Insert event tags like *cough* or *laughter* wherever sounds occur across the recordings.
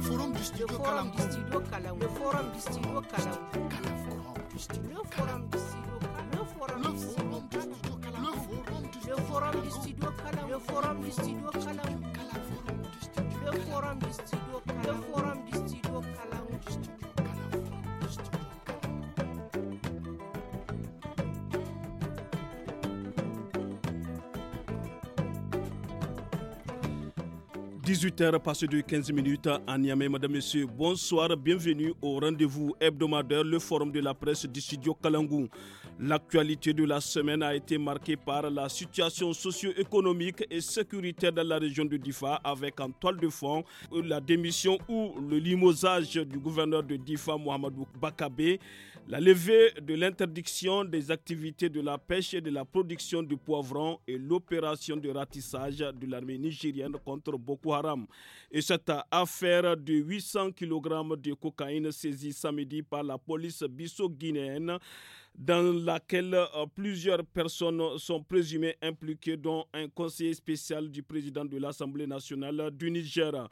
le forum du studio Kalam le forum du studio Kalam le forum du studio Kalam le forum du studio Kalam le forum du studio le forum du studio Kalam le forum du studio Kalam le forum studio forum studio 18h passé de 15 minutes à Niamey. Madame, Monsieur, bonsoir, bienvenue au rendez-vous hebdomadaire, le forum de la presse du studio Kalangou. L'actualité de la semaine a été marquée par la situation socio-économique et sécuritaire dans la région de Difa avec en toile de fond la démission ou le limosage du gouverneur de Difa, Mohamed Bakabe, la levée de l'interdiction des activités de la pêche et de la production du poivrons et l'opération de ratissage de l'armée nigérienne contre Boko Haram. Et cette affaire de 800 kg de cocaïne saisie samedi par la police bissau-guinéenne dans laquelle euh, plusieurs personnes sont présumées impliquées, dont un conseiller spécial du président de l'Assemblée nationale du Niger.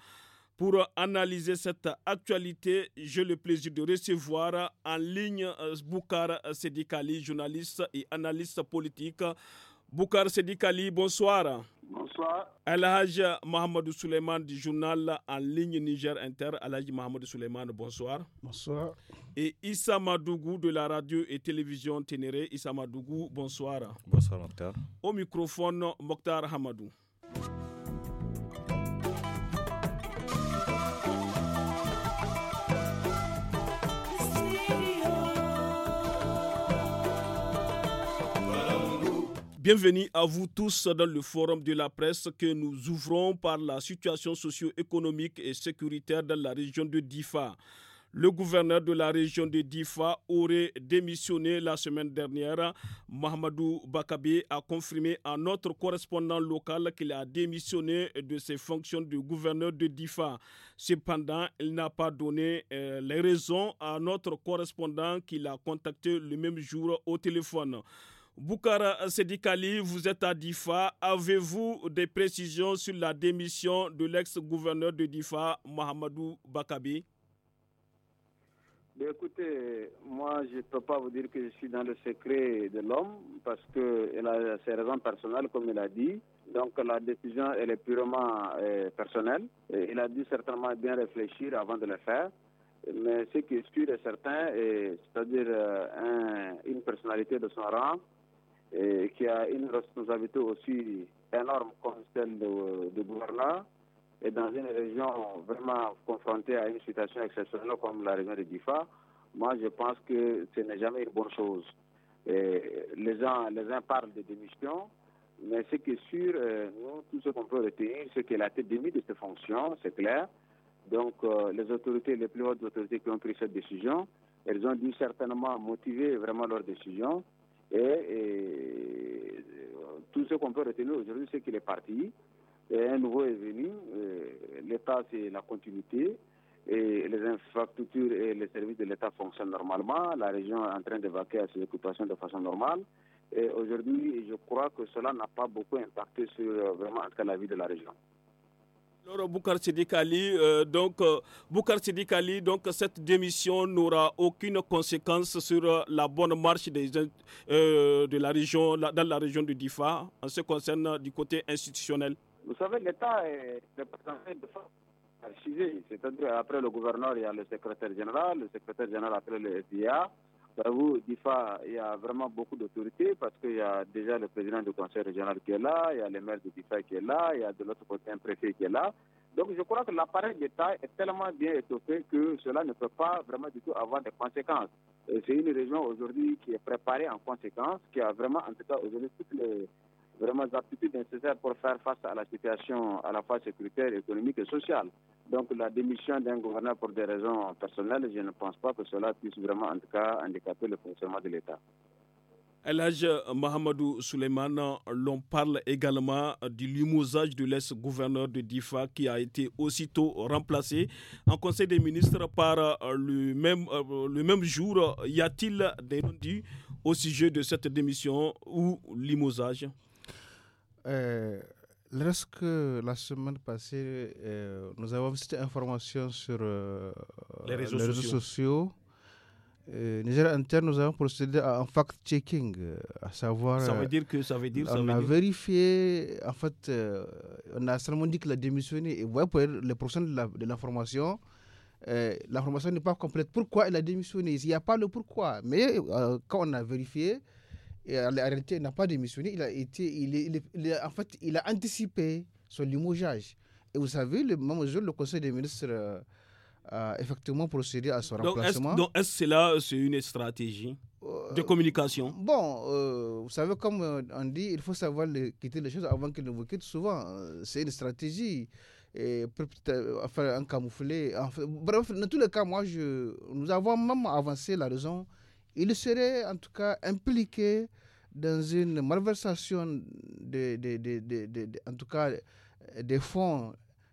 Pour analyser cette actualité, j'ai le plaisir de recevoir en ligne euh, Boukar Sedikali, journaliste et analyste politique. Boukar Sedikali, bonsoir. Bonsoir. Alhaj Mohamedou Souleyman du journal en ligne Niger Inter. Alhaj Mohamedou Souleyman, bonsoir. Bonsoir. Et Issa Madougou de la radio et télévision Ténéré. Issa Madougou, bonsoir. Bonsoir, Au microphone, Mokhtar Hamadou. Bienvenue à vous tous dans le forum de la presse que nous ouvrons par la situation socio-économique et sécuritaire dans la région de Difa. Le gouverneur de la région de Difa aurait démissionné la semaine dernière. Mahamadou Bakabé a confirmé à notre correspondant local qu'il a démissionné de ses fonctions de gouverneur de Difa. Cependant, il n'a pas donné euh, les raisons à notre correspondant qu'il a contacté le même jour au téléphone. Boukara Sedikali, vous êtes à DIFA. Avez-vous des précisions sur la démission de l'ex-gouverneur de DIFA, Mohamedou Bakabi ben, Écoutez, moi je ne peux pas vous dire que je suis dans le secret de l'homme parce qu'il a ses raisons personnelles, comme il a dit. Donc la décision, elle est purement euh, personnelle. il a dû certainement bien réfléchir avant de le faire. Mais ce qui est sûr et certain, c'est-à-dire euh, une personnalité de son rang, et qui a une responsabilité aussi énorme comme celle de, de et dans une région vraiment confrontée à une situation exceptionnelle comme la région de Difa, moi je pense que ce n'est jamais une bonne chose. les, gens, les uns parlent de démission, mais ce qui est sûr, euh, tout ce qu'on peut retenir, c'est qu'elle a été démise de ses fonctions, c'est clair. Donc euh, les autorités, les plus hautes autorités qui ont pris cette décision, elles ont dû certainement motiver vraiment leur décision. Et, eh, eh, tout ce qu'on peut retenir aujourd'hui, c'est qu'il est parti. Eh, un nouveau est venu. L'État, c'est la continuité. Et les infrastructures et les services de l'État fonctionnent normalement. La région est en train de vaquer à ses occupations de façon normale. Et aujourd'hui, je crois que cela n'a pas beaucoup impacté sur euh, vraiment la vie de la région. Alors, Boukar Sidikali, euh, donc, euh, donc, cette démission n'aura aucune conséquence sur euh, la bonne marche de la région, dans la région du Difa, en ce qui concerne du côté institutionnel. Vous savez, l'État est représenté de façon c'est-à-dire après le gouverneur, il y a le secrétaire général, le secrétaire général après le SIA, J'avoue, DIFA, il y a vraiment beaucoup d'autorités parce qu'il y a déjà le président du conseil régional qui est là, il y a le maire de DIFA qui est là, il y a de l'autre côté un préfet qui est là. Donc je crois que l'appareil d'État est tellement bien étoffé que cela ne peut pas vraiment du tout avoir des conséquences. C'est une région aujourd'hui qui est préparée en conséquence, qui a vraiment en tout cas aujourd'hui toutes les vraiment aptitudes nécessaires pour faire face à la situation à la fois sécuritaire, économique et sociale. Donc la démission d'un gouverneur pour des raisons personnelles, je ne pense pas que cela puisse vraiment en tout cas handicaper le fonctionnement de l'État. L'âge Mohamedou Souleymane, l'on parle également du limousage de l'ex-gouverneur de DIFA qui a été aussitôt remplacé en Conseil des ministres par euh, le même, euh, le même jour. Y a-t-il des rendus au sujet de cette démission ou limosage euh, lorsque la semaine passée, euh, nous avons cette information sur euh, les, réseaux, sociaux, Niger nous avons procédé à un fact-checking, à savoir. Ça veut dire que ça veut dire. On a vérifié, en fait, on a seulement dit qu'il a démissionné. Et ouais, pour les prochain de l'information, l'information n'est pas complète. Pourquoi il a démissionné Il n'y a pas le pourquoi. Mais quand on a vérifié, et en réalité, il n'a pas démissionné. Il a été, il, est, en fait, il a anticipé son limogeage. Et vous savez, le même jour, le Conseil des ministres euh, a effectivement procédé à son remplacement. donc, est-ce que cela, c'est une stratégie euh, de communication Bon, euh, vous savez, comme on dit, il faut savoir le, quitter les choses avant qu'elles ne vous quittent. Souvent, c'est une stratégie. Et pour faire un camouflet. bref, dans tous les cas, moi, je, nous avons même avancé la raison il serait en tout cas impliqué dans une malversation de, en tout cas des fonds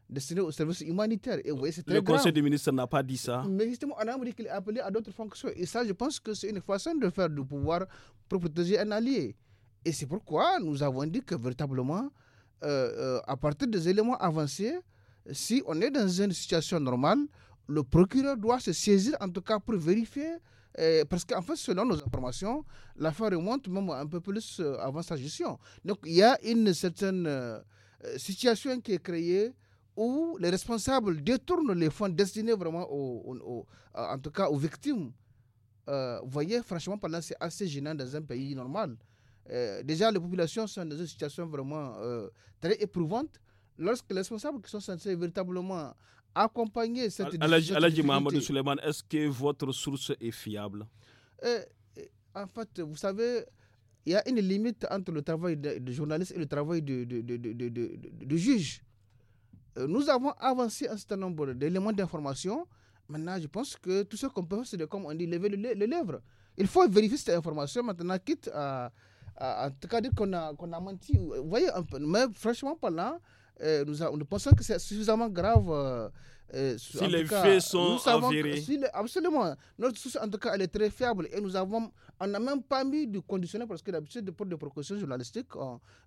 destinés aux services humanitaires. le Conseil des ministres n'a pas dit ça. Mais justement, on a dit qu'il est appelé à d'autres fonctions. Et ça, je pense que c'est une façon de faire du pouvoir pour protéger un allié. Et c'est pourquoi nous avons dit que véritablement, euh, euh, à partir des éléments avancés, si on est dans une situation normale, le procureur doit se saisir en tout cas pour vérifier parce qu'en fait, selon nos informations, l'affaire remonte même un peu plus euh, avant sa gestion. Donc, il y a une certaine euh, euh, situation qui est créée où les responsables détournent les fonds destinés vraiment aux, en tout cas aux victimes. vous voyez, franchement, pendant c'est assez gênant dans un pays normal. déjà, les populations sont dans une situation vraiment très éprouvante. Lorsque les responsables qui sont censés véritablement accompagner cette discussion. Mohamed Suleiman, est-ce que votre source est fiable En fait, vous savez, il y a une limite entre le travail de, journaliste et le travail de, de, de juge. Nous avons avancé un certain nombre d'éléments d'information. Maintenant, je pense que tout ce qu'on peut faire, c'est de, comme on dit, lever les le lèvres. Il faut vérifier cette information maintenant, quitte à, en dire qu'on a, a, menti. Vous voyez un peu. Mais franchement parlant, euh, nous, pensons que c'est suffisamment grave. Euh, euh, si les faits sont avérés. absolument. Notre source, en tout cas, elle est très fiable et nous avons, on n'a même pas mis du conditionnel parce que d'habitude, prendre des précautions journalistiques,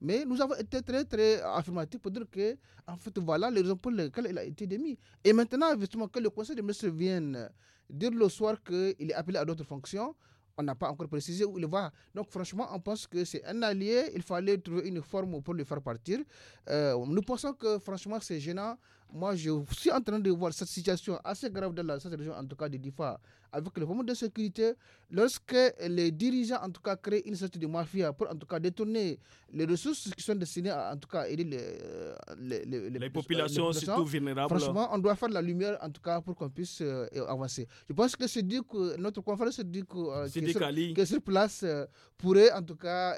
mais nous avons été très, très affirmatifs pour dire que, en fait, voilà les raisons pour lesquelles il a été démis. Et maintenant, justement, que le conseil de ministre vienne dire le soir qu'il est appelé à d'autres fonctions, on n'a pas encore précisé où il va. Donc franchement, on pense que c'est un allié, il fallait trouver une forme pour le faire partir. Euh, nous pensons que franchement, c'est gênant moi je suis en train de voir cette situation assez grave dans la, cette région, en tout cas de DIFA, avec le moment de sécurité, lorsque les dirigeants, en tout cas, créent une sorte de mafia pour, en tout cas, détourner les ressources qui sont destinées à, en tout cas, aider les, euh, les, euh, populations, surtout vulnérables. Franchement, on doit faire la lumière, en tout cas, pour qu'on puisse euh, avancer. Je pense que c'est dit que notre conférence se dit que, euh, place pourrait, en tout cas,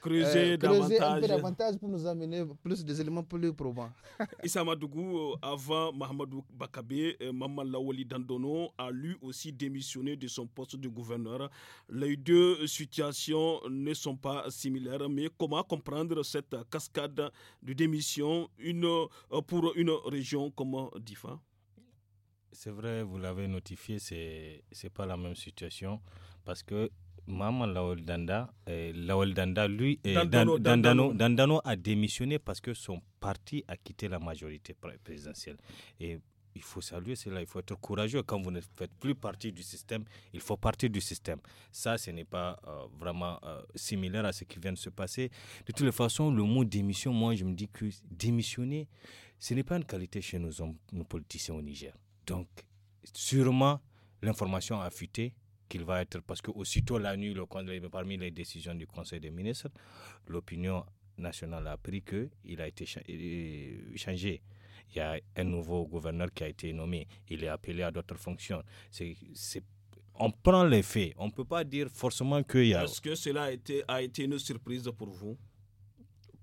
creuser, davantage. davantage pour nous amener plus des éléments plus probants. *laughs* Issa Madougou, euh, avant Mahamadou Bakabe, euh, Maman Lawali Dandono a lui aussi démissionné de son poste de gouverneur. Les deux situations ne sont pas similaires, mais comment comprendre cette cascade de démission une, euh, pour une région comme Difa C'est vrai, vous l'avez notifié, c'est n'est pas la même situation parce que Maman eh, Laol Danda, lui, eh, Dandano, a démissionné parce que son parti a quitté la majorité présidentielle. Et il faut saluer cela, il faut être courageux. Quand vous ne faites plus partie du système, il faut partir du système. Ça, ce n'est pas euh, vraiment euh, similaire à ce qui vient de se passer. De toutes les façons, le mot démission, moi, je me dis que démissionner, ce n'est pas une qualité chez nos hommes, nos politiciens au Niger. Donc, sûrement, l'information a fuité qu'il va être, parce que aussitôt la nuit, le, parmi les décisions du Conseil des ministres, l'opinion nationale a appris qu'il a été changé. Il y a un nouveau gouverneur qui a été nommé. Il est appelé à d'autres fonctions. on prend les faits. On ne peut pas dire forcément qu'il y a. Est-ce que cela a été, a été une surprise pour vous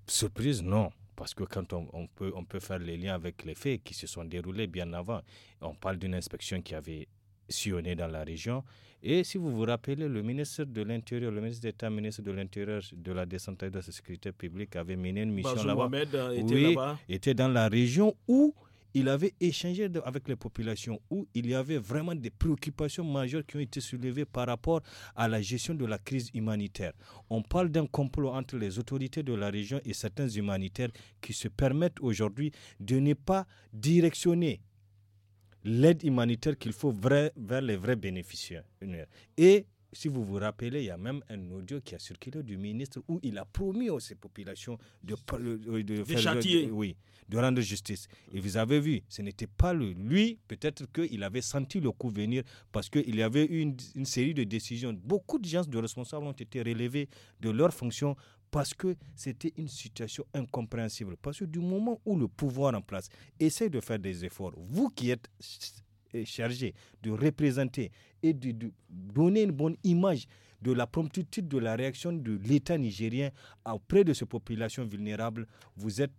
Surprise, non. Parce que quand on, on, peut, on peut faire les liens avec les faits qui se sont déroulés bien avant, on parle d'une inspection qui avait est dans la région. Et si vous vous rappelez, le ministre de l'Intérieur, le ministre d'État, ministre de l'Intérieur, de la décentralisation de la sécurité publique avait mené une mission là-bas. Euh, était, oui, était dans la région où il avait échangé avec les populations, où il y avait vraiment des préoccupations majeures qui ont été soulevées par rapport à la gestion de la crise humanitaire. On parle d'un complot entre les autorités de la région et certains humanitaires qui se permettent aujourd'hui de ne pas directionner l'aide humanitaire qu'il faut vers les vrais bénéficiaires. Et si vous vous rappelez, il y a même un audio qui a circulé du ministre où il a promis aux ces populations de, de, faire, rendre justice. Et vous avez vu, ce n'était pas lui. peut-être qu'il avait senti le coup venir parce qu'il y avait eu une, série de décisions. Beaucoup de gens de responsables ont été relevés de leurs fonctions parce que c'était une situation incompréhensible. Parce que du moment où le pouvoir en place essaie de faire des efforts, vous qui êtes chargé de représenter et de, donner une bonne image de la promptitude de la réaction de l'État nigérien auprès de ces populations vulnérables, vous êtes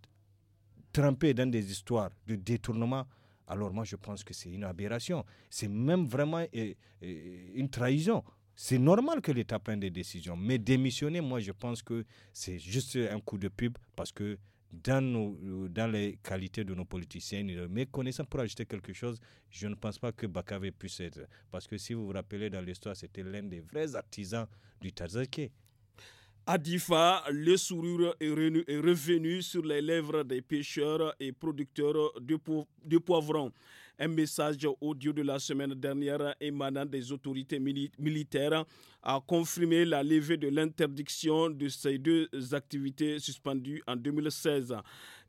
trempé dans des histoires de détournement. Alors moi je pense que c'est une aberration, c'est même vraiment une trahison c'est normal que l'État prenne des décisions, mais démissionner, moi, je pense que c'est juste un coup de pub parce que dans, euh, dans les qualités de nos politiciens, euh, mais connaissant pour ajouter quelque chose, je ne pense pas que Bakave puisse être. Parce que si vous vous rappelez, dans l'histoire, c'était l'un des vrais artisans du Tazake. Adifa, le sourire est revenu sur les lèvres des pêcheurs et producteurs de poivrons. Un message audio de la semaine dernière émanant des autorités militaires a confirmé la levée de l'interdiction de ces deux activités suspendues en 2016.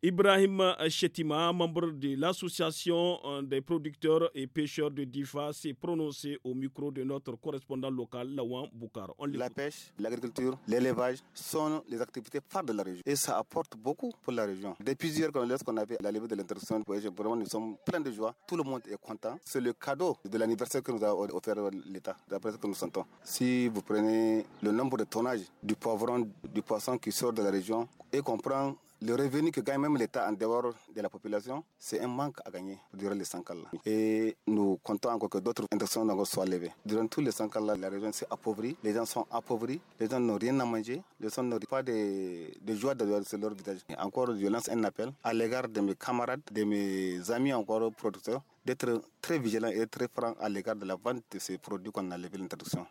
Ibrahim Chetima, euh, membre de l'association euh, des producteurs et pêcheurs de Difa, s'est prononcé au micro de notre correspondant local, Lawan Boukar. la pêche, l'agriculture, l'élevage sont les activités phares de la région et ça apporte beaucoup pour la région. Depuis années qu'on avait la levée de l'intersection, nous sommes pleins de joie. Tout le monde est content. C'est le cadeau de l'anniversaire que nous a offert l'État, d'après ce que nous sentons. Si vous prenez le nombre de tonnages du poivron, du poisson qui sort de la région et qu'on prend le revenu que gagne même l'État en dehors de la population, c'est un manque à gagner durant les 5 ans. Et nous comptons encore que d'autres introductions soient levées. Durant tous les 5 ans, la région s'est appauvrie, les gens sont appauvris, les gens n'ont rien à manger, les gens n'ont pas de, joie de leur visage. encore, je lance un appel à l'égard de mes camarades, de mes amis encore producteurs, d'être très vigilants et très francs à l'égard de la vente de ces produits qu'on a levé l'introduction.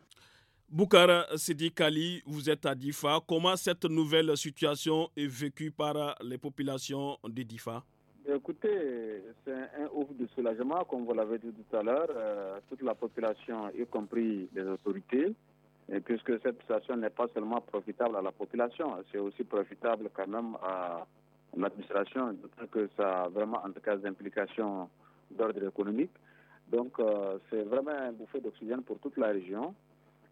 Boukar Sidi Kali, vous êtes à Difa. Comment cette nouvelle situation est vécue par les populations de Difa Écoutez, c'est un ouf de soulagement, comme vous l'avez dit tout à l'heure, euh, toute la population, y compris les autorités, puisque cette situation n'est pas seulement profitable à la population, c'est aussi profitable quand même à l'administration, parce que ça a vraiment en tout cas implications d'ordre économique. Donc euh, c'est vraiment un bouffet d'oxygène pour toute la région.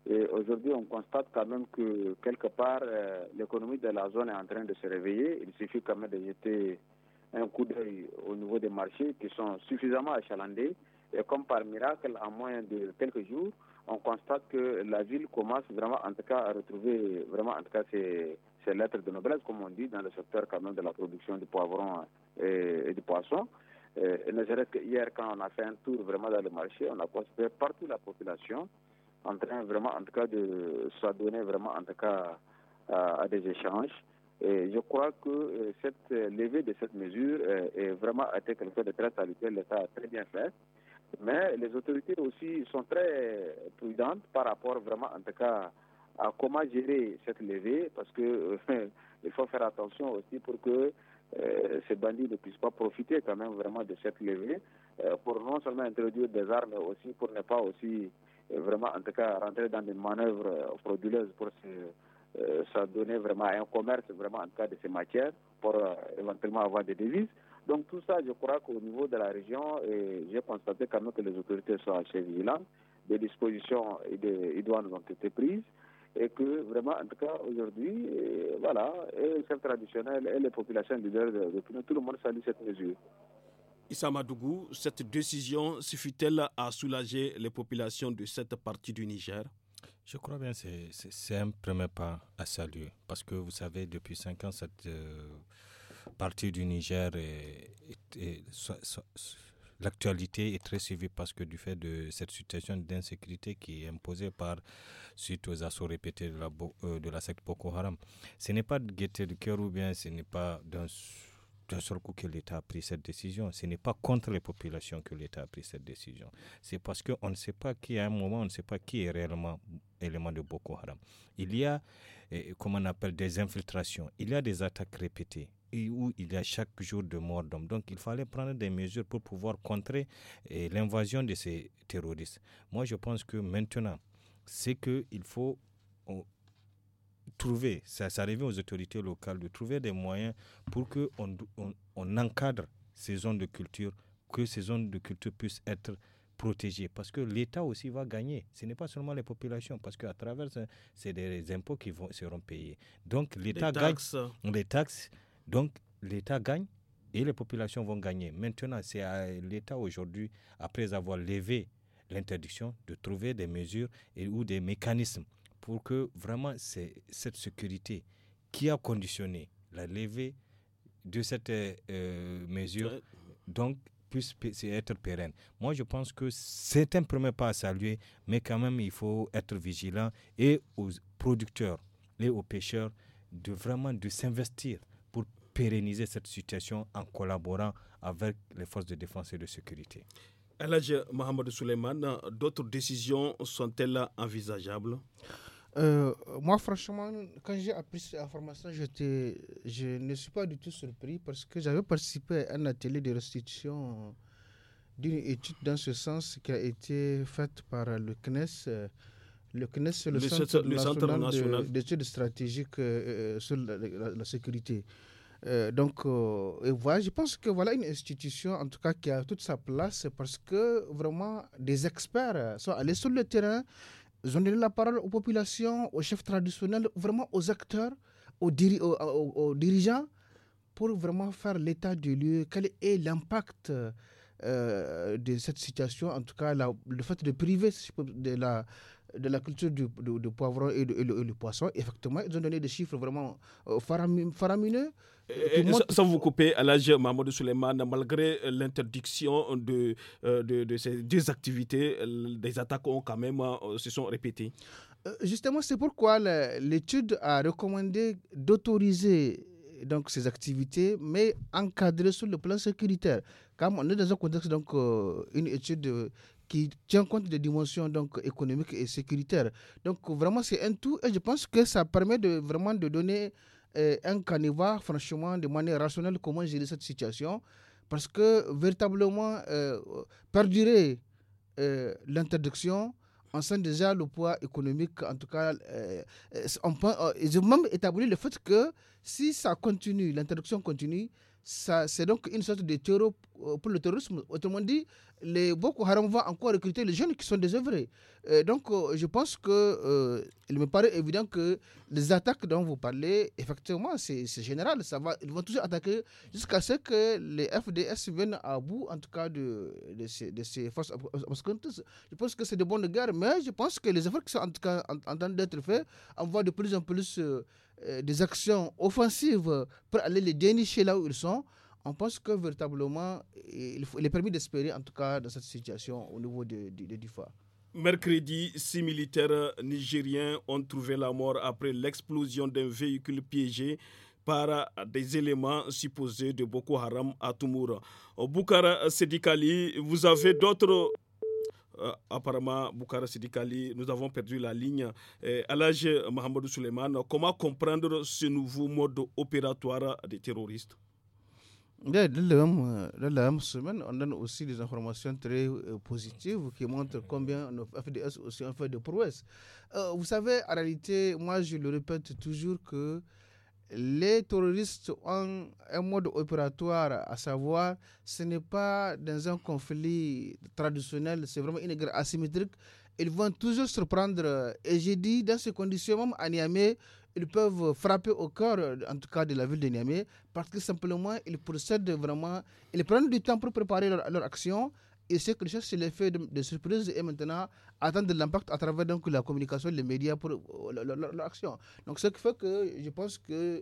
Et aujourd'hui, on constate quand même que quelque part, euh, l'économie de la zone est en train de se réveiller. Il suffit quand même de jeter un coup d'œil au niveau des marchés qui sont suffisamment achalandés. Et comme par miracle, en moins de quelques jours, on constate que la ville commence vraiment, en tout cas, à retrouver vraiment, en tout cas, ses, lettres de noblesse, comme on dit, dans le secteur quand même de la production de poivrons et, de du poisson. Euh, et, ne serait-ce qu'hier, quand on a fait un tour vraiment dans le marché, on a constaté partout la population en train vraiment, en tout cas, de donner vraiment, en tout cas, à, des échanges. Et je crois que euh, cette euh, levée de cette mesure euh, est vraiment été quelque chose de très salutaire. L'État a très bien fait. Mais les autorités aussi sont très prudentes par rapport vraiment, en tout cas, à comment gérer cette levée, parce que *laughs* il faut faire attention aussi pour que ces bandits ne puissent pas profiter quand même vraiment de cette levée pour non seulement introduire des armes, mais aussi pour ne pas aussi euh, vraiment, en tout cas, rentrer dans des manœuvres euh, frauduleuses pour se, euh, donner vraiment à un commerce, vraiment, en tout cas, de ces matières, pour éventuellement avoir des devises. Donc tout ça, je crois qu'au niveau de la région, j'ai constaté quand même que les autorités sont assez vigilantes, des dispositions et des douanes ont été prises, et que vraiment, en tout cas, aujourd'hui, voilà, et le chef traditionnel et les populations leaders de, de tout le monde salue cette mesure. Issa cette décision suffit-elle à soulager les populations de cette partie du Niger je crois bien que c'est un premier pas à saluer parce que vous savez, depuis cinq ans, cette euh, partie du Niger, l'actualité est très suivie parce que du fait de cette situation d'insécurité qui est imposée par suite aux assauts répétés de la, euh, de la secte Boko Haram, ce n'est pas de guetter le cœur ou bien ce n'est pas d'un seul coup que l'État a pris cette décision. Ce n'est pas contre les populations que l'État a pris cette décision. C'est parce qu'on ne sait pas qui, à un moment, on ne sait pas qui est réellement élément de Boko Haram. Il y a, eh, comment comme on appelle, des infiltrations. Il y a des attaques répétées. Et où il y a chaque jour de mort d'hommes. Donc il fallait prendre des mesures pour pouvoir contrer eh, l'invasion de ces terroristes. Moi je pense que maintenant, c'est qu'il faut trouver, ça, aux autorités locales de trouver des moyens pour qu'on on, encadre ces zones de culture, que ces zones de culture puissent être protégées. Parce que l'État aussi va gagner. Ce n'est pas seulement les populations, parce qu'à travers, c'est des impôts qui vont, seront payés. Donc l'État gagne. Les taxes. Donc l'État gagne et les populations vont gagner. Maintenant, c'est à l'État aujourd'hui, après avoir levé l'interdiction, de trouver des mesures ou des mécanismes pour que vraiment c'est cette sécurité qui a conditionné la levée de cette euh, euh, mesure donc puisse être pérenne. Moi, je pense que c'est un premier pas à saluer, mais quand même, il faut être vigilant et aux producteurs et aux pêcheurs de vraiment de s'investir pour pérenniser cette situation en collaborant avec les forces de défense et de sécurité. Elhaj Mohamed Souleyman, d'autres décisions sont-elles envisageables euh, moi, franchement, quand j'ai appris cette information, je ne suis pas du tout surpris parce que j'avais participé à un atelier de restitution d'une étude dans ce sens qui a été faite par le CNES. Euh, le CNES, le, Centre, national d'études stratégiques euh, sur la, sécurité. donc, et voilà, je pense que voilà une institution, en tout cas, qui a toute sa place parce que vraiment des experts sont allés sur le terrain donner la parole aux populations, aux chefs traditionnels, vraiment aux acteurs, aux, dirigeants, pour vraiment faire l'état du lieu, quel est l'impact euh, de cette situation, en tout cas le fait de priver de la, de la culture du, poivron et, du poisson, effectivement, ils ont donné des chiffres vraiment euh, faramineux. Et, Sans vous couper, à l'âge Mahmoud Suleiman, malgré euh, l'interdiction euh, de, de, ces deux activités, des attaques ont quand même se sont répétées. Justement, c'est pourquoi l'étude a recommandé d'autoriser donc ces activités, mais encadrées sur le plan sécuritaire. Comme on est dans un contexte, donc, une étude qui tient compte des dimensions donc, économiques et sécuritaires. Donc vraiment, c'est un tout et je pense que ça permet de, vraiment de donner euh, un canevas, franchement, de manière rationnelle, comment gérer cette situation. Parce que véritablement, euh, perdurer euh, l'interdiction, on sent déjà le poids économique, en tout cas, euh, on peut, ils ont même établi le fait que si ça continue, l'interdiction continue, c'est donc une sorte de terreau euh, pour le terrorisme. Autrement dit, les Boko Haram vont encore recruter les jeunes qui sont désœuvrés. Euh, donc, euh, je pense que il me paraît évident que les attaques dont vous parlez, effectivement, c'est général. Ça va, ils vont toujours attaquer jusqu'à ce que les FDS viennent à bout, en tout cas, de, ces, de ces, forces Je pense que c'est de bonnes guerres, mais je pense que les efforts qui sont en, cas en train d'être faits envoient de plus en plus. Euh, des actions offensives pour aller les dénicher là où ils sont, on pense que véritablement, il, est permis d'espérer, en tout cas, dans cette situation au niveau de, de, DIFA. Mercredi, six militaires nigériens ont trouvé la mort après l'explosion d'un véhicule piégé par des éléments supposés de Boko Haram à Au Boukara Sedikali, vous avez d'autres euh, apparemment Bukhara Sidikali, nous avons perdu la ligne. à euh, l'âge Mohamedou Suleiman, comment comprendre ce nouveau mode opératoire des terroristes la euh, semaine, on donne aussi des informations très positives qui montrent combien le FDS aussi ont fait de prouesse vous savez, en réalité, moi je le répète toujours que les terroristes ont un mode opératoire, à savoir, ce n'est pas dans un conflit traditionnel, c'est vraiment une guerre asymétrique. Ils vont toujours surprendre. Et j'ai dit, dans ces conditions, même à Niamey, ils peuvent frapper au cœur, en tout cas de la ville de Niamey, parce que simplement, ils procèdent vraiment, ils prennent du temps pour préparer leur, leur action et ce que je les c'est de, de, surprise et maintenant attendre l'impact à travers donc, la communication, les médias pour euh, l'action. leur, action. Donc, ce qui fait que je pense qu'on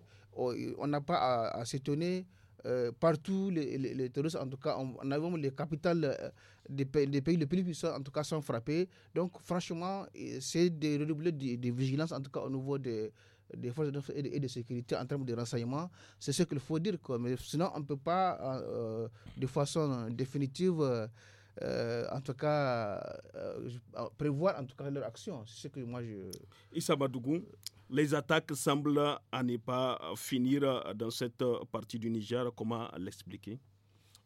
oh, n'a pas à, s'étonner. Euh, partout, les, terroristes, en tout cas, on, les capitales euh, des, pays, les plus puissants, en tout cas, sont frappés. Donc, franchement, c'est de redoubler de, vigilance, en tout cas, au niveau des des forces de, et, de, sécurité en termes de renseignements. C'est ce qu'il faut dire. Quoi. Mais sinon, on ne peut pas, de façon définitive, euh, en tout cas, euh, euh, prévoir en tout cas leur action. C'est ce que moi je. Issa les attaques semblent à ne pas finir dans cette partie du Niger. Comment l'expliquer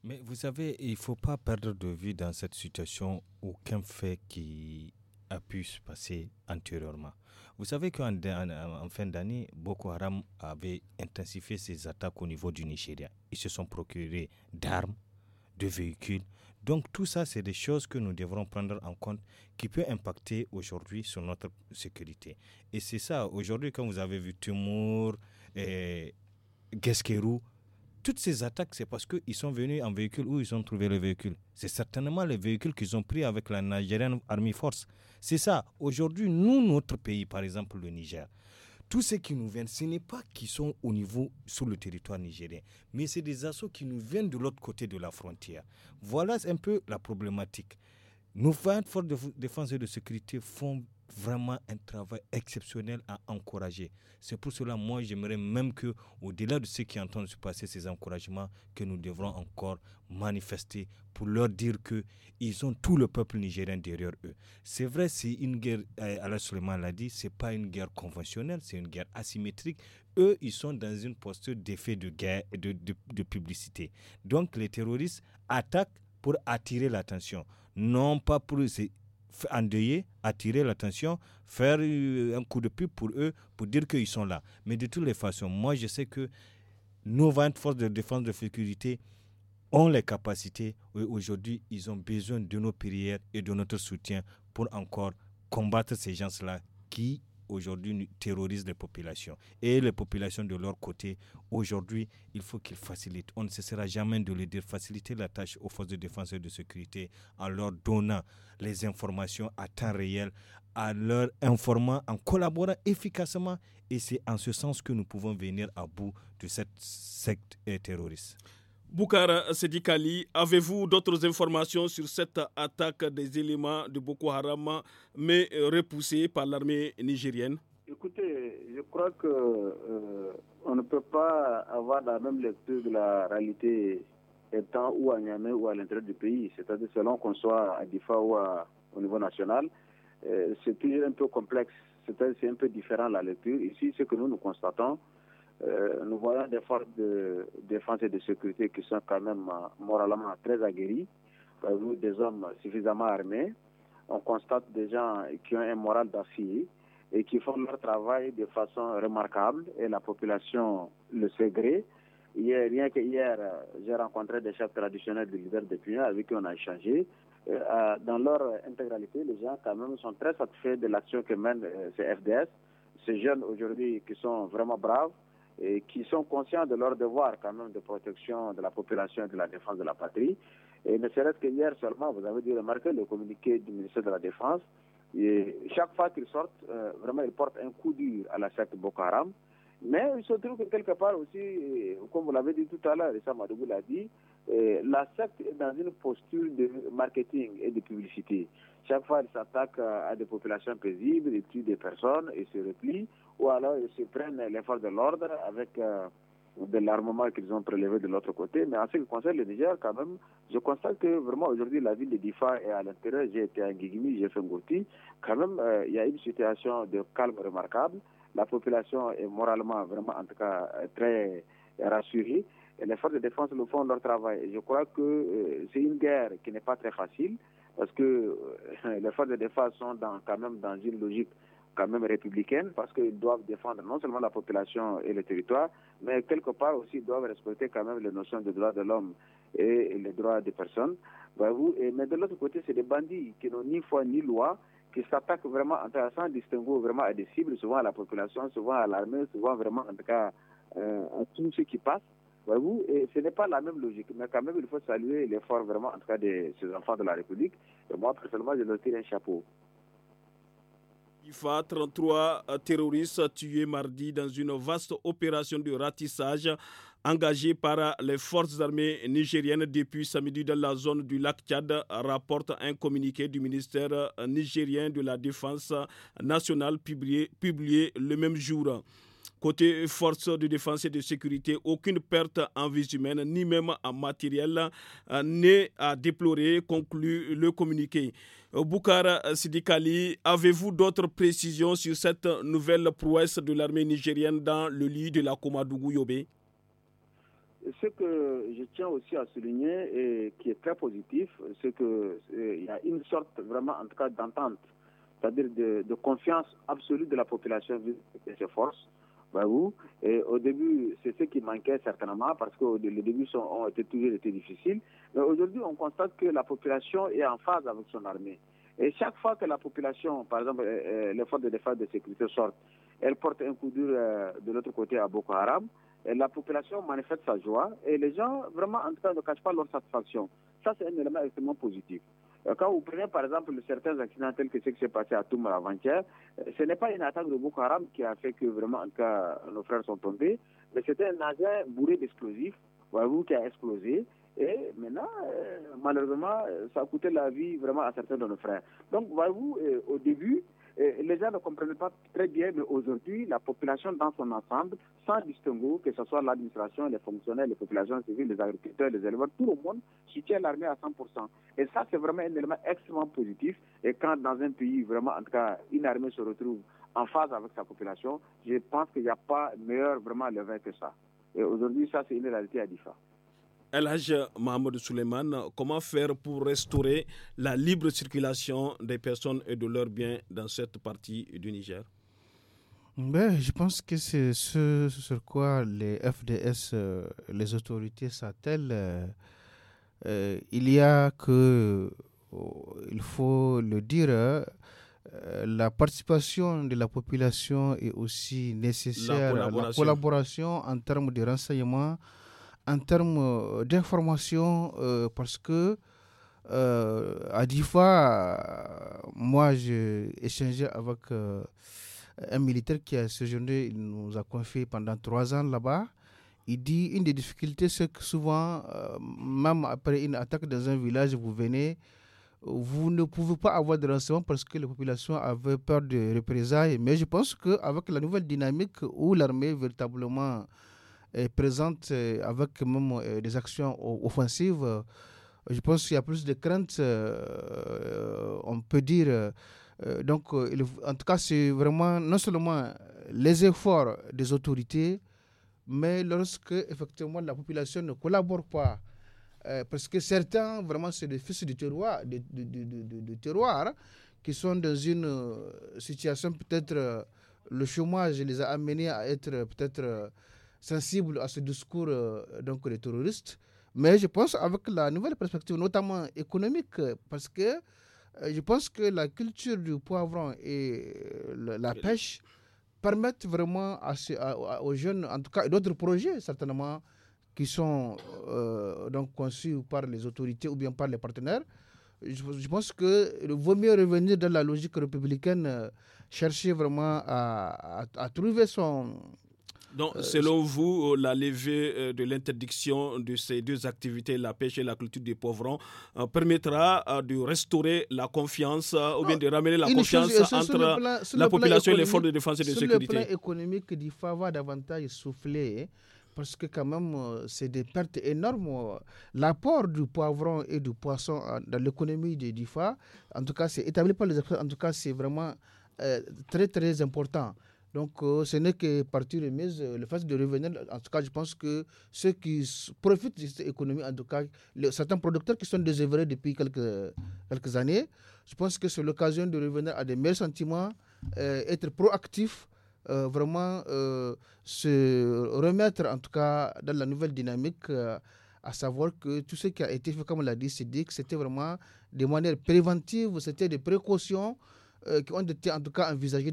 Mais vous savez, il ne faut pas perdre de vue dans cette situation aucun fait qui a pu se passer antérieurement. Vous savez qu'en en, fin d'année, Boko Haram avait intensifié ses attaques au niveau du Nigeria. Ils se sont procurés d'armes, de véhicules, donc tout ça, c'est des choses que nous devrons prendre en compte qui peut impacter aujourd'hui sur notre sécurité. Et c'est ça, aujourd'hui, quand vous avez vu Tumour, et toutes ces attaques, c'est parce qu'ils sont venus en véhicule où ils ont trouvé le véhicule. C'est certainement le véhicule qu'ils ont pris avec la Nigerian Army Force. C'est ça. Aujourd'hui, nous, notre pays, par exemple le Niger, tous ceux qui nous viennent, ce n'est pas qu'ils sont au niveau sur le territoire nigérien, mais c'est des assauts qui nous viennent de l'autre côté de la frontière. Voilà un peu la problématique. Nos forces de défense et de sécurité font vraiment un travail exceptionnel à encourager. C'est pour cela, moi, j'aimerais même que, au-delà de ce qui est se passer, ces encouragements, que nous devrons encore manifester pour leur dire que ils ont tout le peuple nigérien derrière eux. C'est vrai, c'est une guerre, eh, Alain Suleiman l'a dit, c'est pas une guerre conventionnelle, c'est une guerre asymétrique. Eux, ils sont dans une posture d'effet de guerre, de, de publicité. Donc, les terroristes attaquent pour attirer l'attention non pas pour endeuiller, attirer l'attention, faire euh, un coup de pub pour eux, pour dire qu'ils sont là. Mais de toutes les façons, moi je sais que nos 20 forces de défense de sécurité ont les capacités. Aujourd'hui, ils ont besoin de nos prières et de notre soutien pour encore combattre ces gens-là qui aujourd'hui terrorisent les populations. Et les populations de leur côté, aujourd'hui, il faut qu'ils facilitent. On ne cessera jamais de le dire, faciliter la tâche aux forces de défense et de sécurité en leur donnant les informations à temps réel, en leur informant, en collaborant efficacement. Et c'est en ce sens que nous pouvons venir à bout de cette secte terroriste. Sedi Sedikali, avez-vous d'autres informations sur cette attaque des éléments de Boko Haram, mais repoussée par l'armée nigérienne Écoutez, je crois que euh, on ne peut pas avoir la même lecture de la réalité étant ou à Niamey ou à l'intérieur du pays. C'est-à-dire selon qu'on soit à Difa ou au niveau national, c'est euh, c'est toujours un peu complexe. C'est un peu différent la lecture. Ici, ce que nous nous constatons, euh, nous voyons des forces de défense et de sécurité qui sont quand même euh, moralement très aguerries, exemple des hommes suffisamment armés. On constate des gens qui ont un moral d'acier et qui font leur travail de façon remarquable et la population le sait gré. Hier, rien que hier, euh, j'ai rencontré des chefs traditionnels du village de Pugna avec qui on a échangé. Dans leur intégralité, les gens quand même sont très satisfaits de l'action que mènent ces FDS, ces jeunes aujourd'hui qui sont vraiment braves, et qui sont conscients de leur devoir quand même de protection de la population et de la défense de la patrie. Et ne serait-ce que hier seulement, vous avez dû remarquer le communiqué du ministère de la Défense. Et chaque fois qu'ils sortent, euh, vraiment, ils portent un coup dur à la secte Boko Haram. Mais il se trouve que quelque part aussi, euh, comme vous l'avez dit tout à l'heure, et ça l'a dit, euh, la secte est dans une posture de marketing et de publicité. Chaque fois, ils s'attaquent euh, à des populations paisibles, ils tuent des personnes, ils se replient, ou alors ils se prennent les forces de l'ordre avec euh, de l'armement qu'ils ont prélevé de l'autre côté. Mais en ce qui concerne le Niger, quand même, je constate que vraiment aujourd'hui, la ville de Difa est à l'intérieur. J'ai été à Guigimi, j'ai fait Ngoti. Quand même, euh, il y a une situation de calme remarquable. La population est moralement, vraiment, en tout cas, très rassurée les forces de défense le font leur travail. je crois que euh, c'est une guerre qui n'est pas très facile parce que euh, *laughs* les forces de défense sont quand même dans une logique quand même républicaine parce qu'ils doivent défendre non seulement la population et le territoire, mais quelque part aussi doivent respecter quand même les notions des droits de l'homme et les droits des personnes. vous, mais de l'autre côté, c'est des bandits qui n'ont ni foi ni loi, qui s'attaquent vraiment intéressant, distinguo vraiment à des cibles, souvent à la population, souvent à l'armée, souvent vraiment en tout cas euh, à tout ce qui passe vous et ce n'est pas la même logique, mais quand même, il faut saluer l'effort vraiment, en tout de ces enfants de la République. Et moi, personnellement, je leur tire un chapeau. IFA, 33 euh, terroristes tués mardi dans une vaste opération de ratissage engagée par les forces armées nigériennes depuis samedi dans la zone du lac Tchad, rapporte un communiqué du ministère nigérien de la Défense nationale publié, publié le même jour. Côté forces de défense et de sécurité, aucune perte en vie humaine ni même en matériel euh, n'est à déplorer, conclut le communiqué. Euh, Boukar Sidikali, avez-vous d'autres précisions sur cette nouvelle prouesse de l'armée nigérienne dans le lit de la Komadougou Yobé ce que je tiens aussi à souligner et qui est très positif, c'est qu'il euh, y a une sorte vraiment, en tout cas, d'entente, c'est-à-dire de, confiance absolue de la population vis-à-vis de ces forces. Et au début, c'est ce qui manquait certainement parce que les débuts sont, ont toujours été difficiles. Mais aujourd'hui, on constate que la population est en phase avec son armée. Et chaque fois que la population, par exemple, euh, euh, les forces de défense de sécurité sortent, elle porte un coup dur euh, de l'autre côté à Boko Haram, la population manifeste sa joie et les gens, vraiment, en tout cas, ne cachent pas leur satisfaction. Ça, c'est un élément extrêmement positif. Quand vous prenez par exemple certains accidents tels que ce qui s'est passé à Toumar avant-hier, euh, ce n'est pas une attaque de Boko Haram qui a fait que vraiment nos frères sont tombés, mais c'était un agent bourré d'explosifs, voyez-vous, qui a explosé. Et maintenant, euh, malheureusement, euh, ça a coûté la vie vraiment à certains de nos frères. Donc, voyez-vous, au début, les gens ne comprennent pas très bien, mais aujourd'hui, la population dans son ensemble, sans distinguo, que ce soit l'administration, les fonctionnaires, les populations civiles, les agriculteurs, les éleveurs, tout le monde soutient l'armée à 100%. Et ça, c'est vraiment un élément extrêmement positif. Et quand dans un pays, vraiment, en tout cas, une armée se retrouve en phase avec sa population, je pense qu'il n'y a pas meilleur vraiment levain que ça. Et aujourd'hui, ça, c'est une réalité à différents. Elhaj Mahmoud Souleiman, comment faire pour restaurer la libre circulation des personnes et de leurs biens dans cette partie du Niger ben, Je pense que c'est ce sur quoi les FDS, euh, les autorités s'attellent. Euh, euh, il y a que, il faut le dire, la participation de la population est aussi nécessaire. La collaboration, la collaboration en termes de renseignement en termes euh, d'information euh, parce que euh, à dix fois, moi, j'ai échangé avec un militaire qui a séjourné, il nous a confié pendant trois ans là-bas. Il dit une des difficultés, c'est que souvent, même après une attaque dans un village, vous venez, vous ne pouvez pas avoir de renseignements parce que les populations avaient peur de représailles. Mais je pense qu'avec la nouvelle dynamique où l'armée véritablement est présente euh, avec même euh, des actions offensives, je pense qu'il y a plus de craintes, euh, on peut dire. donc, en tout cas, c'est vraiment non seulement les efforts des autorités, mais lorsque effectivement la population ne collabore pas, parce que certains, vraiment, c'est des fils du terroir, de, de, de, terroir qui sont dans une situation peut-être, le chômage les a amenés à être peut-être sensible à ce discours euh, donc des terroristes. Mais je pense avec la nouvelle perspective, notamment économique, parce que euh, je pense que la culture du poivron et euh, la pêche permettent vraiment à, aux jeunes, en tout cas d'autres projets certainement, qui sont donc conçus par les autorités ou bien par les partenaires. Je, pense qu'il vaut mieux revenir dans la logique républicaine, chercher vraiment à trouver son, donc, euh, selon vous, euh, la levée euh, de l'interdiction de ces deux activités, la pêche et la culture des poivrons, permettra de restaurer la confiance ou bien de ramener la confiance entre la population et les forces de défense et de sécurité. Sur le plan économique, il va davantage souffler hein, parce que quand même, c'est des pertes énormes. L'apport du poivron et du poisson dans l'économie de DIFA, en tout cas, c'est établi par les en tout cas, c'est vraiment très, très important. Donc, euh, ce n'est que partie remise. Euh, le fait de revenir, en tout cas, je pense que ceux qui profitent de cette économie, en tout cas, certains producteurs qui sont désœuvrés depuis quelques, quelques années, je pense que c'est l'occasion de revenir à des meilleurs sentiments, euh, être proactif, vraiment se remettre, en tout cas, dans la nouvelle dynamique à savoir que tout ce qui a été fait, comme l'a dit Sidic, c'était vraiment de manière préventive, c'était des précautions. Euh, qui ont été en tout cas envisagées,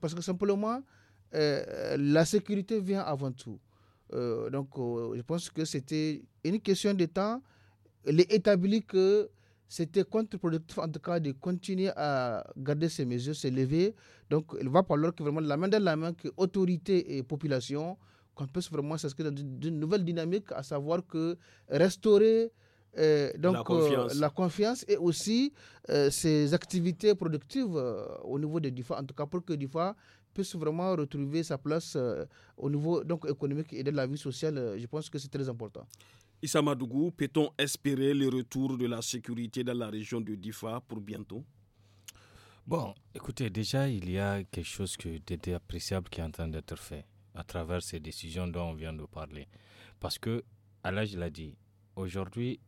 parce que simplement, euh, euh, la sécurité vient avant tout. donc, je pense que c'était une question de temps. Il est établi que c'était contre-productif, en tout cas, de continuer à garder ces mesures, s'élever. Donc, il va falloir que vraiment, la main dans la main, que autorité et population, qu'on puisse vraiment s'inscrire dans une nouvelle dynamique, à savoir que restaurer euh, donc, euh, la confiance. et aussi ces euh, ses activités productives au niveau de DIFA, en tout cas pour que DIFA puisse vraiment retrouver sa place au niveau donc, économique et de la vie sociale. je pense que c'est très important. Issa Madougou, peut-on espérer le retour de la sécurité dans la région de DIFA pour bientôt Bon, écoutez, déjà, il y a quelque chose d'appréciable appréciable qui est en train d'être fait à travers ces décisions dont on vient de parler. Parce que, Alain, je l'a dit, aujourd'hui,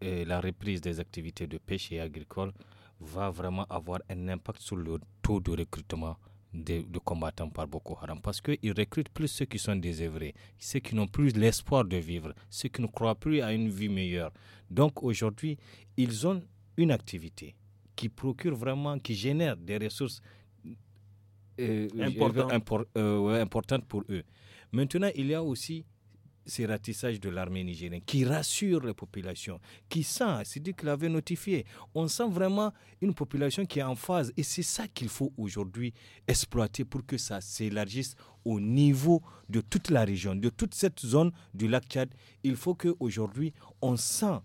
la reprise des activités de pêche et agricole va vraiment avoir un impact sur le taux de recrutement de, combattants par Boko Haram parce qu'ils recrutent plus ceux qui sont désœuvrés, ceux qui n'ont plus l'espoir de vivre, ceux qui ne croient plus à une vie meilleure. Donc aujourd'hui, ils ont une activité qui procure vraiment, qui génère des ressources euh, euh, importantes pour eux. Maintenant, il y a aussi ces ratissages de l'armée nigérienne qui rassure les populations, qui sent, c'est dit qu'il avait notifié, on sent vraiment une population qui est en phase et c'est ça qu'il faut aujourd'hui exploiter pour que ça s'élargisse au niveau de toute la région, de toute cette zone du lac Tchad. Il faut qu'aujourd'hui on sent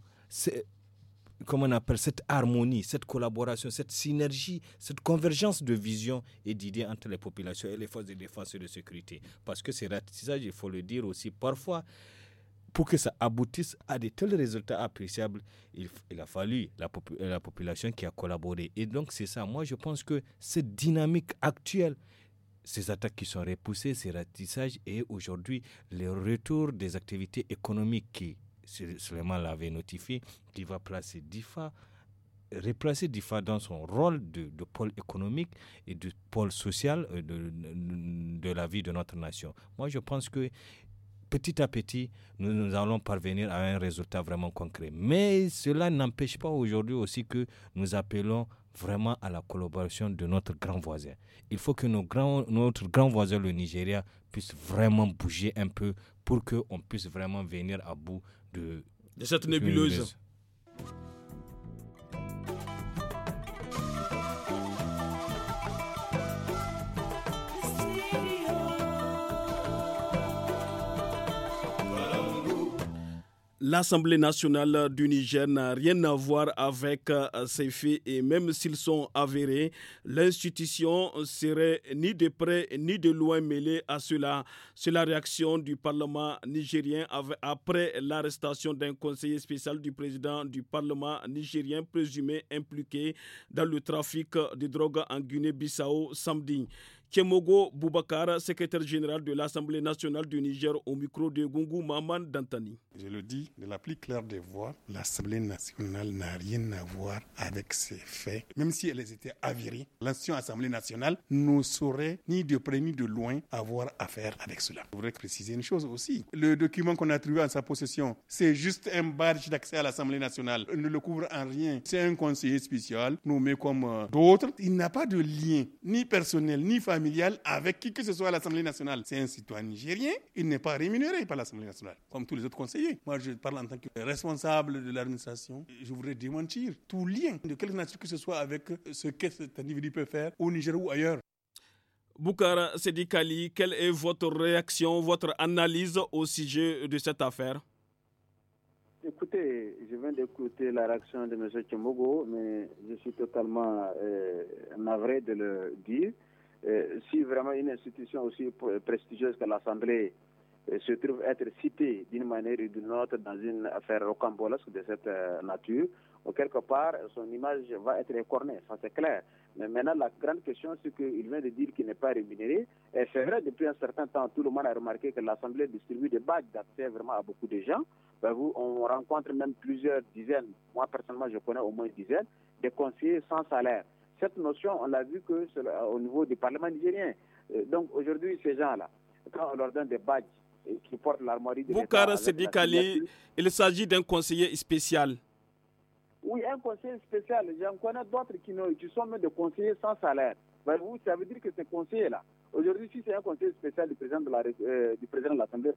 comment on appelle, cette harmonie, cette collaboration, cette synergie, cette convergence de visions et d'idées entre les populations et les forces de défense et de sécurité. Parce que ces ratissages, il faut le dire aussi, parfois, pour que ça aboutisse à de tels résultats appréciables, il, a fallu la, la, population qui a collaboré. Et donc, c'est ça. Moi, je pense que cette dynamique actuelle, ces attaques qui sont repoussées, ces ratissages et aujourd'hui, le retour des activités économiques qui Suleiman l'avait notifié, qui va placer DIFA, replacer DIFA dans son rôle de, pôle économique et de pôle social euh, de, de, la vie de notre nation. Moi, je pense que petit à petit, nous, allons parvenir à un résultat vraiment concret. Mais cela n'empêche pas aujourd'hui aussi que nous appelons vraiment à la collaboration de notre grand voisin. Il faut que nos notre grand voisin, le Nigeria, puisse vraiment bouger un peu pour qu'on puisse vraiment venir à bout de, cette nébuleuse. l'Assemblée nationale du Niger n'a rien à voir avec euh, ces faits et même s'ils sont avérés, l'institution serait ni de près ni de loin mêlée à cela. C'est la réaction du Parlement nigérien après l'arrestation d'un conseiller spécial du président du Parlement nigérien présumé impliqué dans le trafic de drogue en Guinée-Bissau samedi. Kemogo Boubacar, secrétaire général de l'Assemblée nationale du Niger, au micro de Gungu Maman Dantani. Je le dis de la plus claire des voix, l'Assemblée nationale n'a rien à voir avec ces faits. Même si elles étaient avérées, l'ancienne Assemblée nationale ne saurait ni de près ni de loin avoir affaire avec cela. Je voudrais préciser une chose aussi. Le document qu'on a trouvé en sa possession, c'est juste un badge d'accès à l'Assemblée nationale. On ne le couvre en rien. C'est un conseiller spécial nommé comme euh, d'autres. Il n'a pas de lien, ni personnel, ni familial avec qui que ce soit à l'Assemblée nationale. C'est un citoyen nigérien, il n'est pas rémunéré par l'Assemblée nationale, comme tous les autres conseillers. Moi, je parle en tant que responsable de l'administration. Je voudrais démentir tout lien de quelque nature que ce soit avec ce que cet individu peut faire au Niger ou ailleurs. Boukara Sedikali, quelle est votre réaction, votre analyse au sujet de cette affaire Écoutez, je viens d'écouter la réaction de M. Tchemogo, mais je suis totalement euh, navré de le dire. Euh, si vraiment une institution aussi prestigieuse que l'Assemblée euh, se trouve être citée d'une manière ou d'une autre dans une affaire rocambolesque de cette euh, nature, quelque part, son image va être écornée, ça c'est clair. Mais maintenant, la grande question, c'est qu'il vient de dire qu'il n'est pas rémunéré. Et c'est vrai, depuis un certain temps, tout le monde a remarqué que l'Assemblée distribue des bagues d'accès vraiment à beaucoup de gens. Ben, on rencontre même plusieurs dizaines, moi personnellement, je connais au moins une dizaine, de conseillers sans salaire. Cette notion, on l'a vu que au niveau du Parlement nigérien. Euh, donc aujourd'hui, ces gens-là, quand on leur donne des badges et qui portent Vous de Boukar il s'agit d'un conseiller spécial. Oui, un conseiller spécial. J'en connais d'autres qui, sont même des conseillers sans salaire. Vous, ça veut dire que ces conseillers-là, Aujourd'hui, si c'est un conseiller spécial du président de euh, l'Assemblée,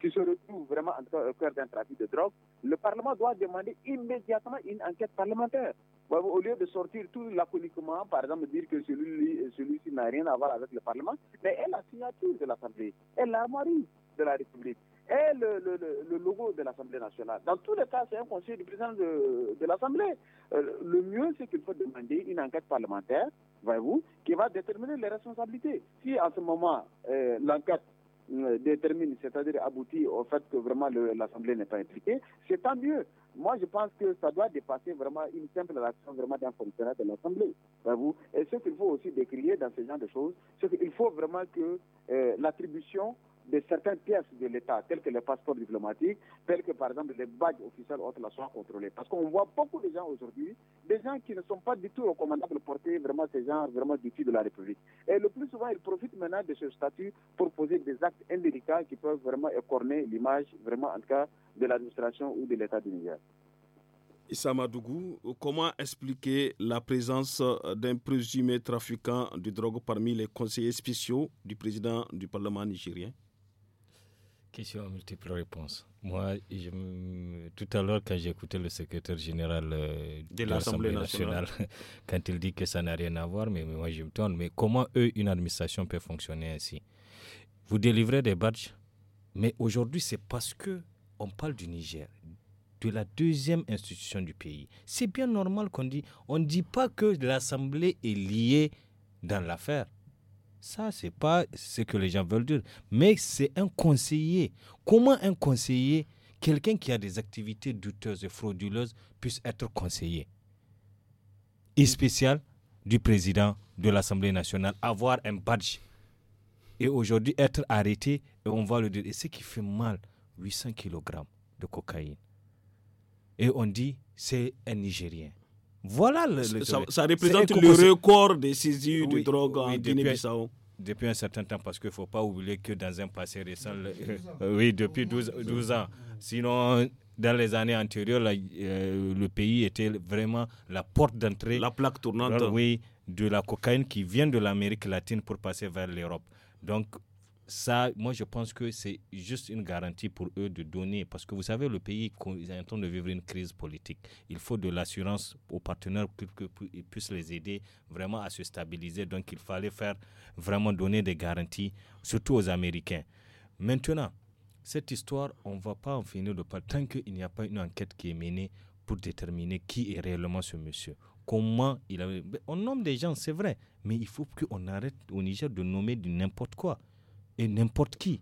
qui se retrouve vraiment au cœur d'un trafic de drogue, le Parlement doit demander immédiatement une enquête parlementaire. Bah, au lieu de sortir tout laconiquement, par exemple, dire que celui-ci n'a rien à voir avec le Parlement, mais est la signature de l'Assemblée, est l'armoirie de la République, est le, logo de l'Assemblée nationale. Dans tous les cas, c'est un conseil du président de, l'Assemblée. Euh, le mieux, c'est qu'il faut demander une enquête parlementaire, voyez-vous, qui va déterminer les responsabilités. Si en ce moment, euh, l'enquête euh, détermine, c'est-à-dire aboutit au fait que vraiment l'Assemblée n'est pas impliquée, c'est tant mieux. Moi, je pense que ça doit dépasser vraiment une simple action vraiment d'un fonctionnaire de l'Assemblée. vous Et ce qu'il faut aussi décrier dans ce genre de choses, c'est qu'il faut vraiment que euh, l'attribution de certaines pièces de l'État, telles que les passeports diplomatiques, telles que par exemple les badges officiels autres, la soient contrôlés. Parce qu'on voit beaucoup de gens aujourd'hui, des gens qui ne sont pas du tout recommandables de porter vraiment ces genres vraiment fil de la République. Et le plus souvent, ils profitent maintenant de ce statut pour poser des actes indélicats qui peuvent vraiment écorner l'image, vraiment en tout cas, de l'administration ou de l'État du Niger. Issa Madougou, comment expliquer la présence d'un présumé trafiquant de drogue parmi les conseillers spéciaux du président du Parlement nigérien Question à multiples réponses. Moi, tout à l'heure, quand j'écoutais le secrétaire général euh, de, l'Assemblée nationale, *laughs* quand il dit que ça n'a rien à voir, mais, moi je me tourne. Mais comment, eux, une administration peut fonctionner ainsi Vous délivrez des badges, mais aujourd'hui, c'est parce que on parle du Niger, de la deuxième institution du pays. C'est bien normal qu'on dit. On ne dit pas que l'Assemblée est liée dans l'affaire. Ça, n'est pas ce que les gens veulent dire. Mais c'est un conseiller. Comment un conseiller, quelqu'un qui a des activités douteuses et frauduleuses, puisse être conseiller Et spécial du président de l'Assemblée nationale, avoir un badge. Et aujourd'hui, être arrêté, et on va le dire. Et ce qui fait mal, 800 kg de cocaïne. Et on dit, c'est un Nigérien. Voilà le, ça, représente le record des saisies de drogue en Guinée-Bissau. Depuis un certain temps, parce qu'il ne faut pas oublier que dans un passé récent, oui, depuis 12, 12 ans. Sinon, dans les années antérieures, euh, le pays était vraiment la porte d'entrée. La plaque tournante. oui, de la cocaïne qui vient de l'Amérique latine pour passer vers l'Europe. Donc, ça, moi, je pense que c'est juste une garantie pour eux de donner, parce que vous savez, le pays est en train de vivre une crise politique. Il faut de l'assurance aux partenaires pour qu'ils puissent les aider vraiment à se stabiliser. Donc, il fallait faire vraiment donner des garanties, surtout aux Américains. Maintenant, cette histoire, on ne va pas en finir de pas tant qu'il n'y a pas une enquête qui est menée pour déterminer qui est réellement ce monsieur. Comment il a. On nomme des gens, c'est vrai, mais il faut qu'on arrête au Niger de nommer du n'importe quoi et n'importe qui.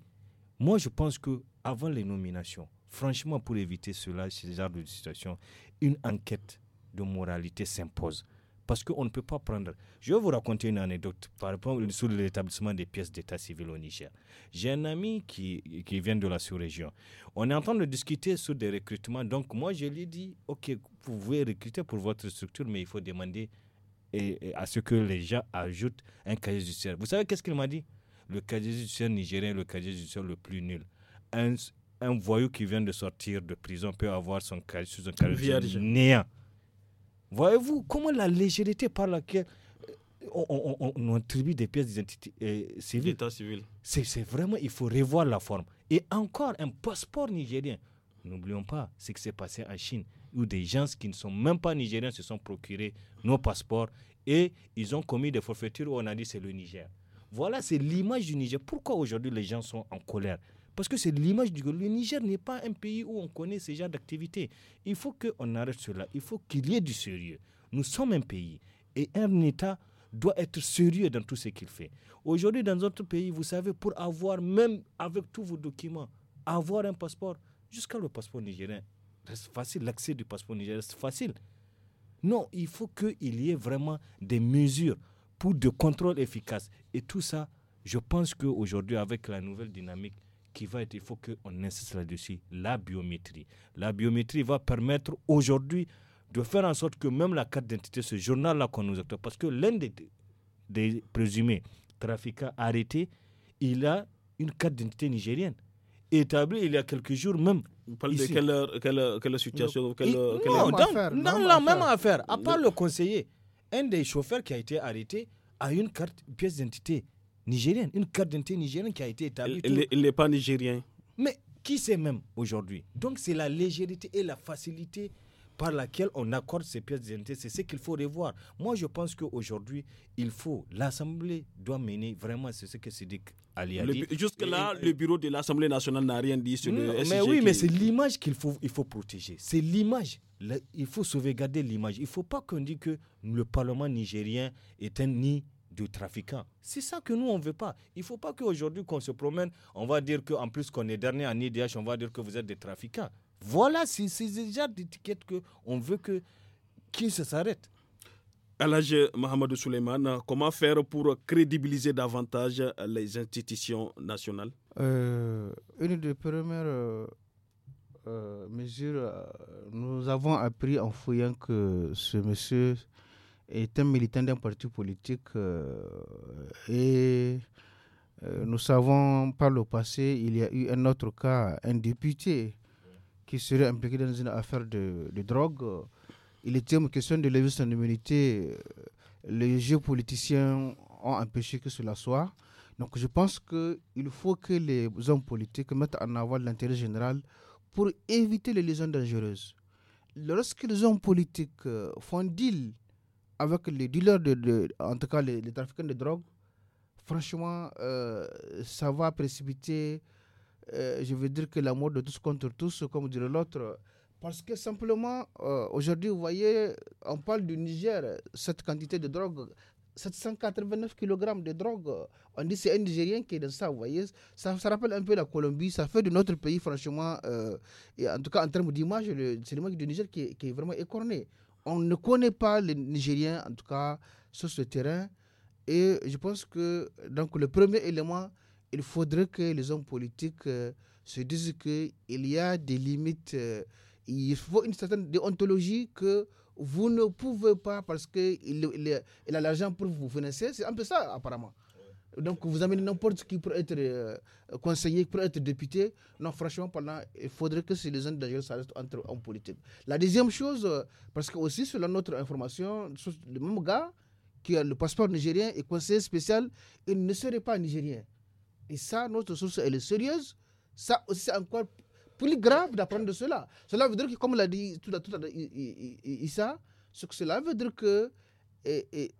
Moi, je pense que avant les nominations, franchement, pour éviter cela, ces genres de situation, une enquête de moralité s'impose. Parce qu'on ne peut pas prendre. Je vais vous raconter une anecdote par exemple sur l'établissement des pièces d'état civil au Niger. J'ai un ami qui, qui vient de la sous-région. On est en train de discuter sur des recrutements. Donc, moi, je lui ai dit OK, vous pouvez recruter pour votre structure, mais il faut demander et, eh, eh, à ce que les gens ajoutent un cahier judiciaire. Vous savez qu'est-ce qu'il m'a dit le casier judiciaire nigérien est le casier judiciaire le plus nul. Un, voyou qui vient de sortir de prison peut avoir son casier sous un casier néant. Voyez-vous comment la légèreté par laquelle euh, on, attribue des pièces d'identité euh, civile. civil. C'est vraiment, il faut revoir la forme. Et encore, un passeport nigérien. N'oublions pas ce qui s'est passé en Chine, où des gens qui ne sont même pas nigériens se sont procurés nos passeports et ils ont commis des forfaitures où on a dit c'est le Niger. Voilà, c'est l'image du Niger. Pourquoi aujourd'hui les gens sont en colère Parce que c'est l'image du Le Niger n'est pas un pays où on connaît ce genre d'activité. Il faut qu'on arrête cela. Il faut qu'il y ait du sérieux. Nous sommes un pays et un État doit être sérieux dans tout ce qu'il fait. Aujourd'hui, dans d'autres pays, vous savez, pour avoir, même avec tous vos documents, avoir un passeport, jusqu'à le passeport nigérien, reste facile. L'accès du passeport nigérien reste facile. Non, il faut qu'il y ait vraiment des mesures pour de contrôle efficace. Et tout ça, je pense qu'aujourd'hui, avec la nouvelle dynamique qui va être, il faut qu'on insiste là-dessus, la biométrie. La biométrie va permettre aujourd'hui de faire en sorte que même la carte d'identité, ce journal-là qu'on nous acte, parce que l'un des, des, présumés trafiquants arrêtés, il a une carte d'identité nigérienne établie il y a quelques jours même. Vous parlez de quelle, quelle situation Non, dans, la même affaire, à part le conseiller un des chauffeurs qui a été arrêté a une carte, pièce d'identité nigérienne, une carte d'identité nigérienne qui a été établie. Il n'est pas nigérien. Mais qui sait même aujourd'hui Donc c'est la légèreté et la facilité par laquelle on accorde ces pièces d'identité. C'est ce qu'il faut revoir. Moi, je pense qu'aujourd'hui, il faut, l'Assemblée doit mener vraiment, c'est ce que Sidik Ali a dit. Jusque-là, le bureau de l'Assemblée nationale n'a rien dit sur le Mais oui, mais c'est l'image qu'il faut, il faut protéger. C'est l'image il faut sauvegarder l'image. Il ne faut pas qu'on dise que le Parlement nigérien est un nid de trafiquants. C'est ça que nous, on ne veut pas. Il ne faut pas qu'aujourd'hui, qu'on se promène, on va dire qu'en plus qu'on est dernier en IDH, on va dire que vous êtes des trafiquants. Voilà, c'est déjà d'étiquette qu'on veut que qui se s'arrête. Alage Mohamed Souleyman, comment faire pour crédibiliser davantage les institutions nationales euh, Une des premières euh, euh, mesure, euh, nous avons appris en fouillant que ce monsieur est un militant d'un parti politique euh, et nous savons par le passé, il y a eu un autre cas, un député qui serait impliqué dans une affaire de, drogue. Il était une question de lever son immunité. Les géopoliticiens ont empêché que cela soit. Donc je pense qu'il faut que les hommes politiques mettent en avant l'intérêt général pour éviter les liaisons dangereuses. Lorsque les hommes politiques euh, font deal avec les dealers, de, en tout cas les, trafiquants de drogue, franchement, euh, ça va précipiter, euh, je veux dire que la mort de tous contre tous, comme dirait l'autre. Parce que simplement, aujourd'hui, vous voyez, on parle du Niger, cette quantité de drogue, 789 kg de drogue. On dit c'est un Nigérien qui est dans ça, voyez. Ça, rappelle un peu la Colombie, ça fait de notre pays, franchement, euh, et en tout cas en termes d'image, c'est cinéma du Niger qui est, vraiment écorné. On ne connaît pas les Nigériens, en tout cas, sur ce terrain. Et je pense que donc, le premier élément, il faudrait que les hommes politiques euh, se disent qu'il y a des limites, euh, il faut une certaine déontologie que vous ne pouvez pas parce qu'il il, il, a l'argent pour vous financer. C'est un peu ça, apparemment. Donc, vous amenez n'importe qui pour être euh, conseiller, pour être député. Non, franchement, il faudrait que ces gens d'ailleurs s'arrêtent entre en politique La deuxième chose, euh, parce que aussi, selon notre information, le même gars qui a le passeport nigérien et conseiller spécial, il ne serait pas nigérien. Et ça, notre source, elle est sérieuse. Ça aussi, c'est encore plus grave d'apprendre de cela. Cela veut dire que, comme l'a dit tout à l'heure Issa, ce que cela veut dire que et, et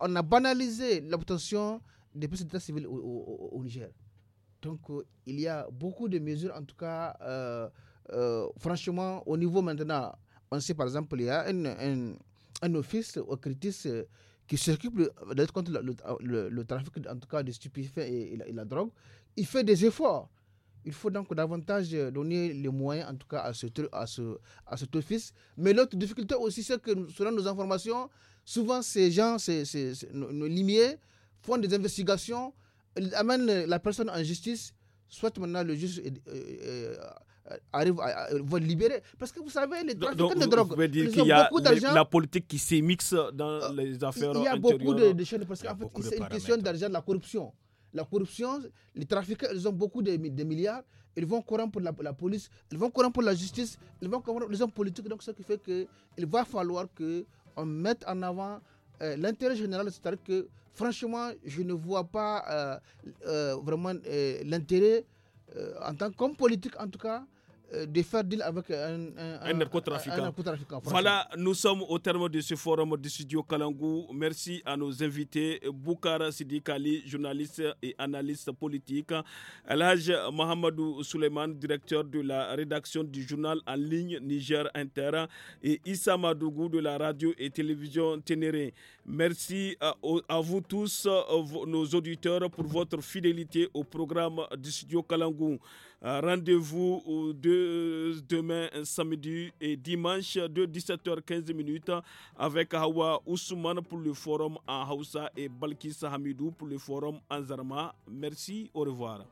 on a banalisé l'obtention des postes d'état civil au, Niger. Donc, euh, il y a beaucoup de mesures, en tout cas, euh, euh, franchement, au niveau maintenant, on sait par exemple, il y a un, office au critique qui s'occupe de contre le, trafic, en tout cas, de stupéfiants et la drogue. Il fait des efforts il faut donc davantage euh, donner les moyens, en tout cas, à, ce, à, ce, à cet office. Mais l'autre difficulté aussi, c'est que selon nos informations, souvent ces gens, ces, nos, limiers, font des investigations, amènent la personne en justice, soit maintenant le juge euh, euh, arrive à, libérer. Parce que vous savez, les trafiquants de drogue, vous dire il y a beaucoup d'argent. La politique qui s'émixe dans les affaires. Il y a beaucoup de, de choses, parce qu'en fait, c'est une question d'argent, de la corruption. La corruption, les trafiquants, ils ont beaucoup de, milliards. Ils vont courir pour la, police, ils vont pour la justice, ils vont pour les hommes politiques. Donc, ce qui fait qu'il va falloir qu'on mette en avant euh, l'intérêt général. C'est-à-dire que, franchement, je ne vois pas euh, euh, vraiment l'intérêt, en tant que politique en tout cas, euh, de faire deal avec un, un, narcotrafiquant. voilà, nous sommes au terme de ce forum du studio Kalangou. Merci à nos invités, Boukara Sidikali, journaliste et analyste politique, Alhaj Mohamedou Suleiman, directeur de la rédaction du journal en ligne Niger Inter, et Issa Madougou de la radio et télévision Ténéré. Merci euh, à, vous tous, euh, nos auditeurs, pour votre fidélité au programme du studio Kalangou. Euh, rendez-vous demain euh, samedi et dimanche de 17h15 avec Hawa Ousmane pour le forum en Hausa et Balkis Hamidou pour le forum en Zarma. Merci, au revoir.